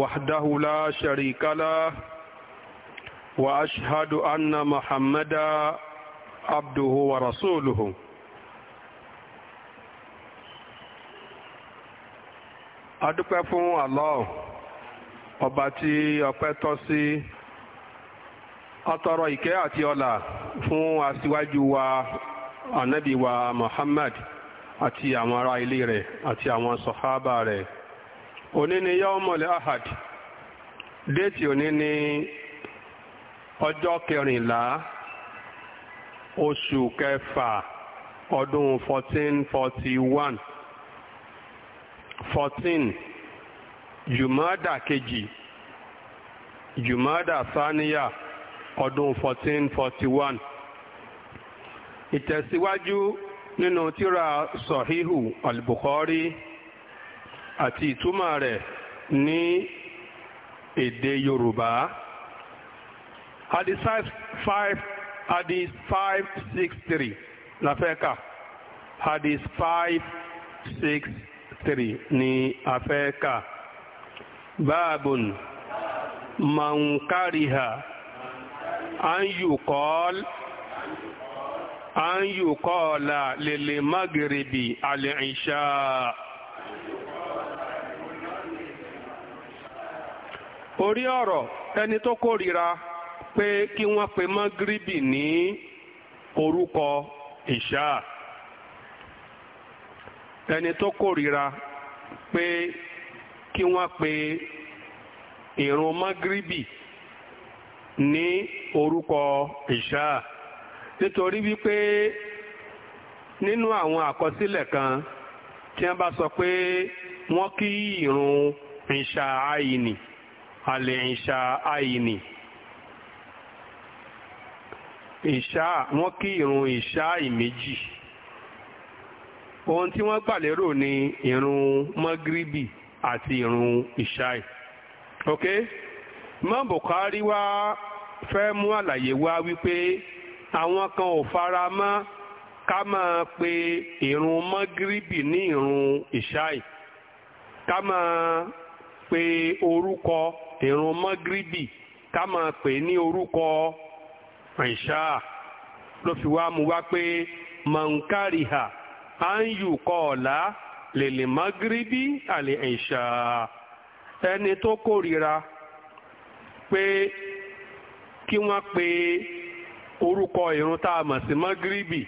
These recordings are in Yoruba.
وحده لا شريك له وأشهد أن محمدا عبده ورسوله adúpẹ́ fún Allah ọba tí ọpẹ́ tọ́ sí atọrọ ìkẹ́ àti ọlà fún aṣíwájú wa ànábì wa àti àwọn ará ilé rẹ̀ àti àwọn sọ̀hábà rẹ̀ òní ni yọ́mọ̀lẹ́ ahad déètì òní ni ọjọ́ kẹrìnlá oṣù kẹfà ọdún 1441 14 jùmọ́dà kejì jùmọ́dà sáníyà ọdún 1441 ìtẹ̀síwájú nínú tírà sọ̀híhù al-Bukhari àti ìtumọ̀ rẹ̀ ní èdè Yorùbá hadith five hadith five six three la fẹ́ kà hadith five six three ni a fẹ́ kà báàbùn mankariha an yukọ́l lèlè magrebi alẹ́ ìṣáà. orí ọ̀rọ̀ ẹni tó kórìíra pé kí wọ́n pe mọ́gíríbì ní orúkọ ìṣá ẹni tó pé pe mọ́gíríbì ní nínú àwọn àkọsílẹ̀ kan tí wọ́n bá sọ pé wọ́n kí ìrun ìṣá àìní. alẹ́ ìṣà àìní ìṣà wọ́n kí ìrun ìṣà ìméjì ohun tí wọ́n gbàlérò ni ìrun mọ́gíríbì àti ìrun ìṣà ok Imam Bukhari wá fẹ́ mú àlàyé wá wípé àwọn kan ò fara mọ́ ká máa pe ìrun mọ́gíríbì ní ìrun ìṣáì ká máa pe orúkọ ìrun mọ́gíríbì ká máa pè ní orúkọ ìṣá ló fi wá mu wá pé mọ̀nkárìhà á ń yù kọ́ ọ̀la lèlè mọ́gíríbì àlè ìṣá ẹni tó kórìíra pé kí wọ́n pe orúkọ ìrun tá a mọ̀ sí mọ́gíríbì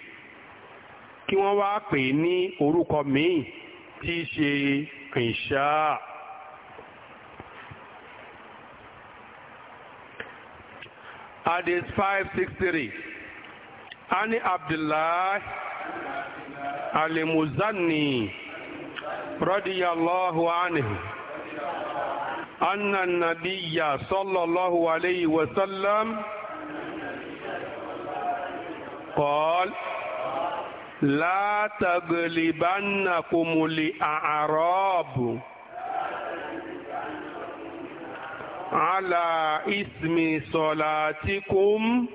kí wọ́n wá pè ní orúkọ míì tí í ṣe ìṣá. Hadith 563. عن عبد الله المزني رضي الله عنه أن النبي صلى الله عليه وسلم قال لا تغلبنكم لأعراب على اسم صلاتكم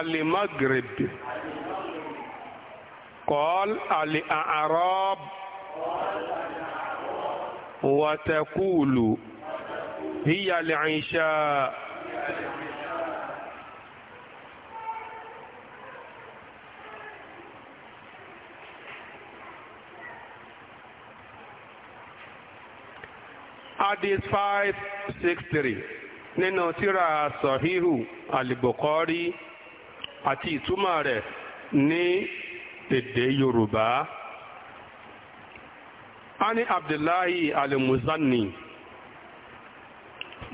المغرب قال الأعراب وتقول هي العشاء hadith five six three nínú tírà sahihu alibokori àti ìtumọ̀ rẹ̀ ní èdè yorùbá ani abdullahi alimuzanni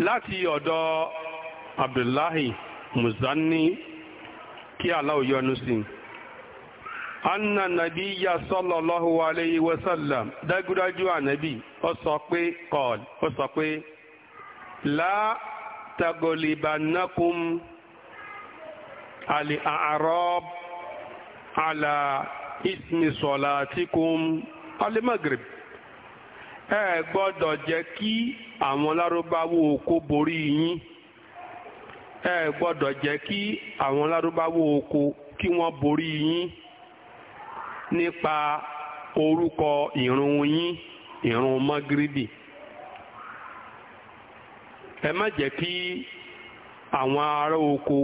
láti ọ̀dọ̀ abdullahi muzanni kí Allah ó sí i. anna nabi ya sallallahu alayhi wa sallam dájúdájú anabi ó sọ pé kọ́ọ̀l ó sọ pé la tagolibannakum ali arab ala ismi solatikum alimaghrib ẹ gbọ́dọ̀ jẹ́ kí àwọn lárúbáwò kó borí yín ẹ gbọ́dọ̀ jẹ́ kí àwọn lárúbáwò kó kí wọ́n borí yín. nípa orúkọ irun yín ìrun mọ́gíríbì ẹ má jẹ́ kí àwọn ará oko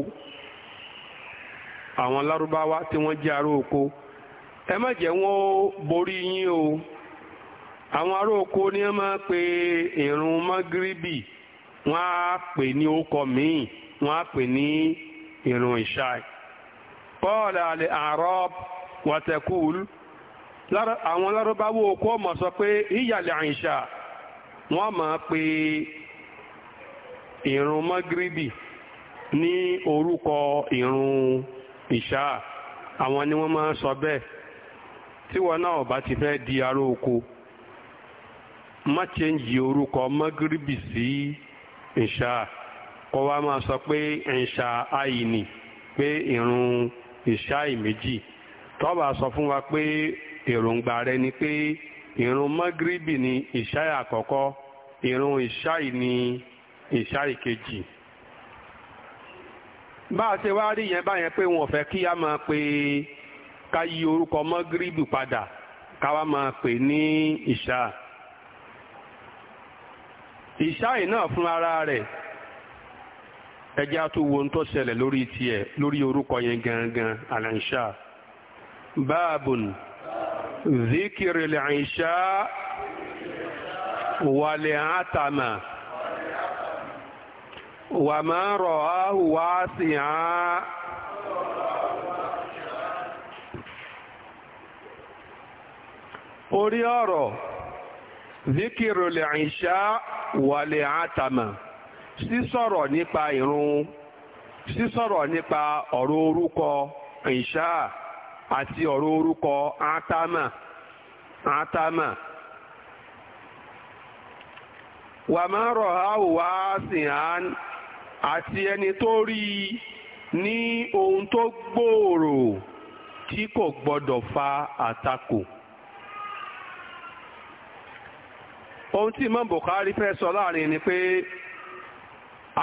àwọn lárúbáwá tí wọ́n jẹ́ ará oko ẹ má jẹ́ wọ́n o àwọn ará oko ni wọ́n pe ìrun mọ́gíríbì wọ́n á pè ní orúkọ míì wọ́n á pè ní wàtẹ̀kùl àwọn lárúbáwò okó ọmọ sọ pé ìyàlẹ̀ àìṣà wọ́n máa pe ìrun mọ́gíríbì ní orúkọ ìrun ìṣà àwọn ni wọ́n máa sọ bẹ́ẹ̀ tí wọn náà bá ti fẹ́ di ará oko má chẹ́ǹjì orúkọ mọ́gíríbì sí ìṣà kọ́ wa máa sọ pé ìṣà àìní pé ìrun ìṣà ìméjì. tọ́ba sọ fún wa pé èròǹgbà rẹ ni pé ìrun mọ́gíríbì ni ìṣáì àkọ́kọ́ ìrun ìṣáì ni ìṣáì kejì bá a ṣe wá rí yẹn báyẹn pé wọn ò fẹ́ kí a máa pe ká yí orúkọ mọ́gíríbì padà ká wá máa pè ní ìṣá ìṣáì náà fún ara rẹ̀ ẹjẹ́ á tún tó ṣẹlẹ̀ lórí tiẹ̀ lórí orúkọ yẹn gangan àlàǹṣáà. باب ذكر العشاء والعتمة وما رواه واسعا orí ọ̀rọ̀ zikiru lè àìṣá wà lè àtàmà sísọ̀rọ̀ nípa ìrun sísọ̀rọ̀ nípa ọ̀rọ̀ orúkọ àìṣá àti ọ̀rọ̀ orúkọ átámà átámà wàmárọ̀ àwòwá sìhán àti ẹni tó rí i ní ohun tó gbòòrò tí kò gbọdọ̀ fa àtakò. ohun tí Imam Bukhari fẹ́ sọ láàrin ni pé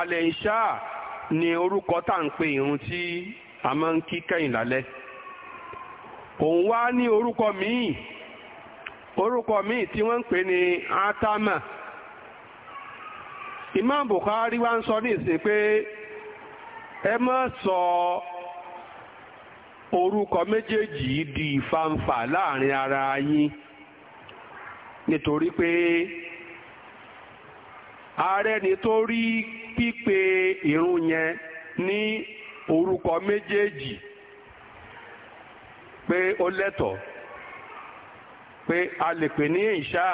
alẹ́ ìṣá ni orúkọ tá à ń pe ìrun tí a máa ń kí kẹ́yìn lálẹ́. òun wá ní orúkọ míì orúkọ míì tí wọ́n ń pè ní atama Imam Bukhari wá ń sọ ní ìsìn pé ẹ mọ́ sọ orúkọ méjèèjì di ìfàǹfà láàrin ara yín nítorí pé ààrẹ ni tó rí pípe yẹn ní orúkọ méjèèjì. pé ó lẹ́tọ̀ọ́ pé a lè pè ní ìṣá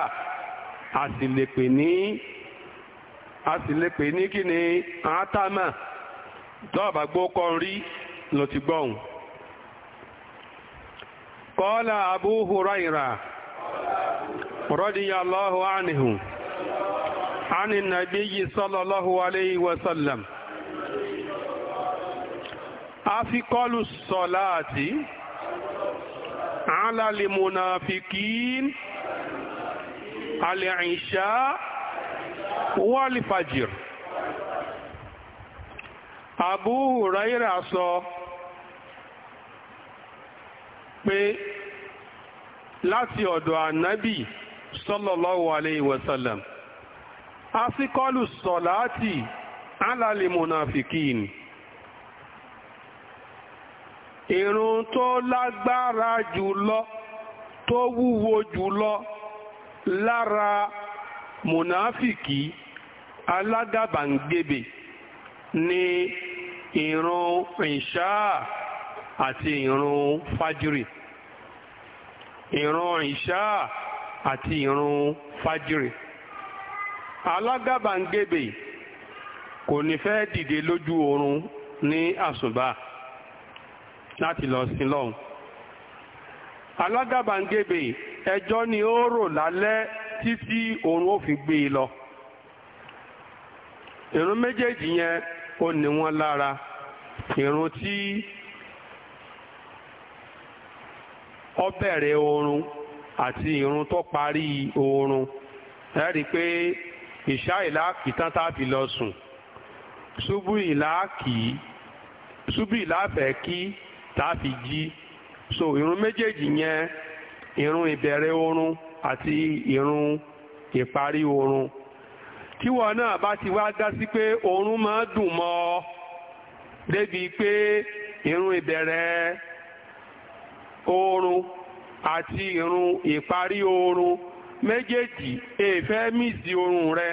a sì lè pè ní a sì lè pè ní kí ni àátàmà tọ́ọ̀bà gbó kọ́ rí ló ti gbọ́hùn. Qala Abu Huraira radiyallahu anhu ala lil munafiqin al-isha wal fajr Abu Huraira sọ pé láti ọ̀dọ̀ ànábì sallallahu alayhi wa sallam asíkọlù sọ̀láàtì ala lil munafiqin ìrun tó lágbára jùlọ tó wúwo jùlọ lára mùnáfìkì alágàbàǹgebè ni ìrun ìṣá àti ìrun fájírì ìrun ìṣá àti ìrun fájírì alágàbàǹgebè kò ní fẹ́ dìde lójú oorun ní àsùbà láti lọ sí lọ́hùn. alágàbàǹgebè ẹjọ́ ni ó rò lálẹ́ títí òun ó fi gbé e lọ. ìrun méjèèjì yẹn ó ní wọn lára ìrun tí ó bẹ̀rẹ̀ oorun àti ìrun tó parí oorun ẹ rí i pé ìṣá kìtán tá a fi lọ sùn ṣubú ìlà kì í ṣubú ìlà fẹ́ kí tá jí so irun méjèèjì yẹn irun ìbẹ̀rẹ̀ oorun àti irun ìparí oorun tíwọ náà bá ti wá dá sí pé oorun máa dùn mọ́ ọ débi pé irun ìbẹ̀rẹ̀ oorun àti irun ìparí oorun méjèèjì èèfẹ́ e mísì oorun rẹ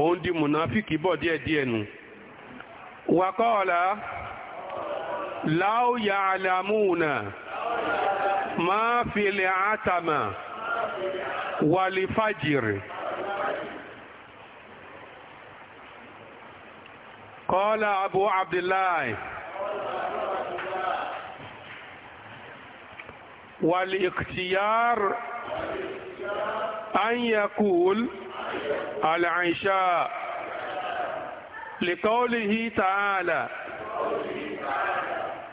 òun di mùnàfíkì bọ̀ díẹ̀díẹ̀ nù wàkọ́ọ̀lá. لو يعلمون ما في العتمة والفجر قال أبو عبد الله والاختيار أن يقول العشاء لقوله تعالى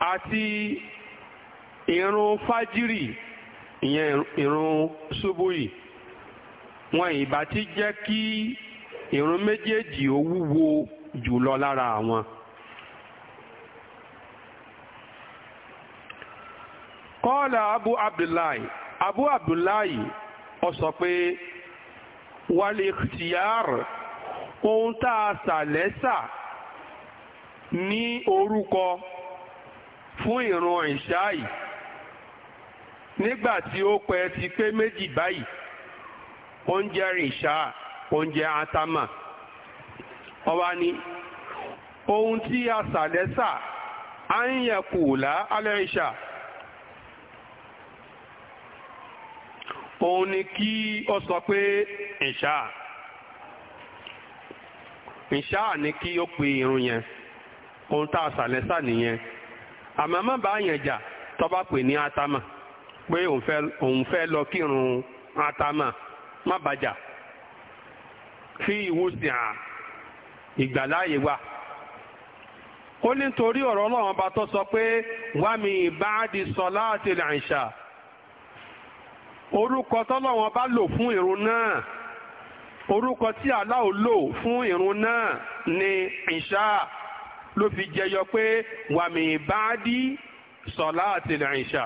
àti ìrun fájírì ìyẹn ìrun ṣubúì wọn ìbá ti jẹ́ kí ìrun méjèèjì ó wúwo jùlọ lára àwọn. kọ́ọ̀lá abu abdullahi abu abdullahi ó sọ pé wàlẹ̀ ikhtiyar ohun tá a sà lẹ́sà ní orúkọ. fún ìrun ìṣáì nígbà tí ó pẹ́ ti pé méjì báyìí oúnjẹ ìṣá oúnjẹ atama ọba ni ohun tí a sàlẹ́sà á ń yẹ kùlá alẹ́ ìṣá òun ni kí ó sọ pé ìṣá ìṣá ni kí ó pe irun yẹn ohun tá a sàlẹ́sà nìyẹn. àmọ́ má bàa yàn jà tọ́ba pè ní atama pé òun fẹ́ lọ kírun atama má bàa jà fi ìwúsìn à ìgbàláyè wà ó ní torí ọ̀rọ̀ ọlọ́run ọba tó sọ pé wá mi bá di sọláàtì l'ìṣà orúkọ tọ́lọ́run ọba lò fún ìrun náà orúkọ tí Allah lò fún ìrun náà ni ìṣà ló fi jẹyọ pé wàmí báàdì sọ̀lá àti ìrìnsà.